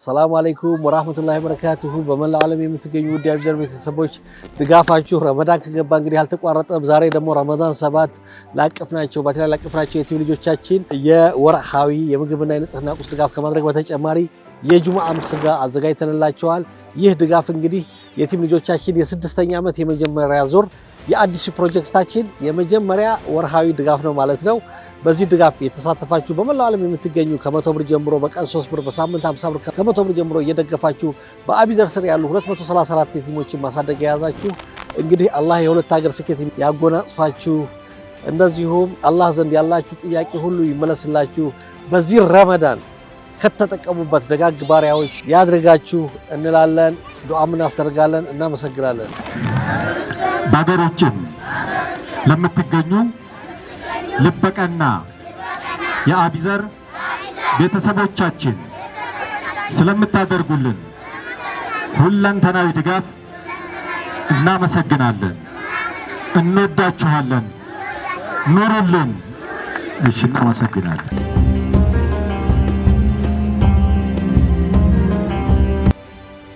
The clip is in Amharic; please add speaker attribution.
Speaker 1: ሰላም አለይኩም ወራህመቱላሂ ወበረካቱሁ። በመላው ዓለም የምትገኙ ውድ አብጀር ቤተሰቦች ድጋፋችሁ ረመዳን ከገባ እንግዲህ አልተቋረጠም። ዛሬ ደግሞ ረመዳን ሰባት ላቀፍናቸው ባቴላ ላቀፍናቸው የቲም ልጆቻችን የወርሃዊ የምግብና የንጽህና ቁስ ድጋፍ ከማድረግ በተጨማሪ የጁማአም ስጋ አዘጋጅተንላቸዋል። ይህ ድጋፍ እንግዲህ የቲም ልጆቻችን የስድስተኛ ዓመት የመጀመሪያ ዙር የአዲሱ ፕሮጀክታችን የመጀመሪያ ወርሃዊ ድጋፍ ነው ማለት ነው። በዚህ ድጋፍ የተሳተፋችሁ በመላው ዓለም የምትገኙ ከመቶ ብር ጀምሮ በቀን 3 ብር፣ በሳምንት 50 ብር ከመቶ ብር ጀምሮ እየደገፋችሁ በአቢዘር ስር ያሉ 234 የቲሞችን ማሳደግ የያዛችሁ እንግዲህ አላህ የሁለት ሀገር ስኬት ያጎናጽፋችሁ፣ እንደዚሁም አላህ ዘንድ ያላችሁ ጥያቄ ሁሉ ይመለስላችሁ በዚህ ረመዳን ከተጠቀሙበት ደጋግ ባሪያዎች ያድርጋችሁ እንላለን። ዱዓም እናስደርጋለን። እናመሰግናለን።
Speaker 2: በሀገሮችም ለምትገኙ ልበቀና የአቢዘር ቤተሰቦቻችን ስለምታደርጉልን ሁለንተናዊ ድጋፍ እናመሰግናለን። እንወዳችኋለን። ኑሩልን። እሺ፣ እናመሰግናለን።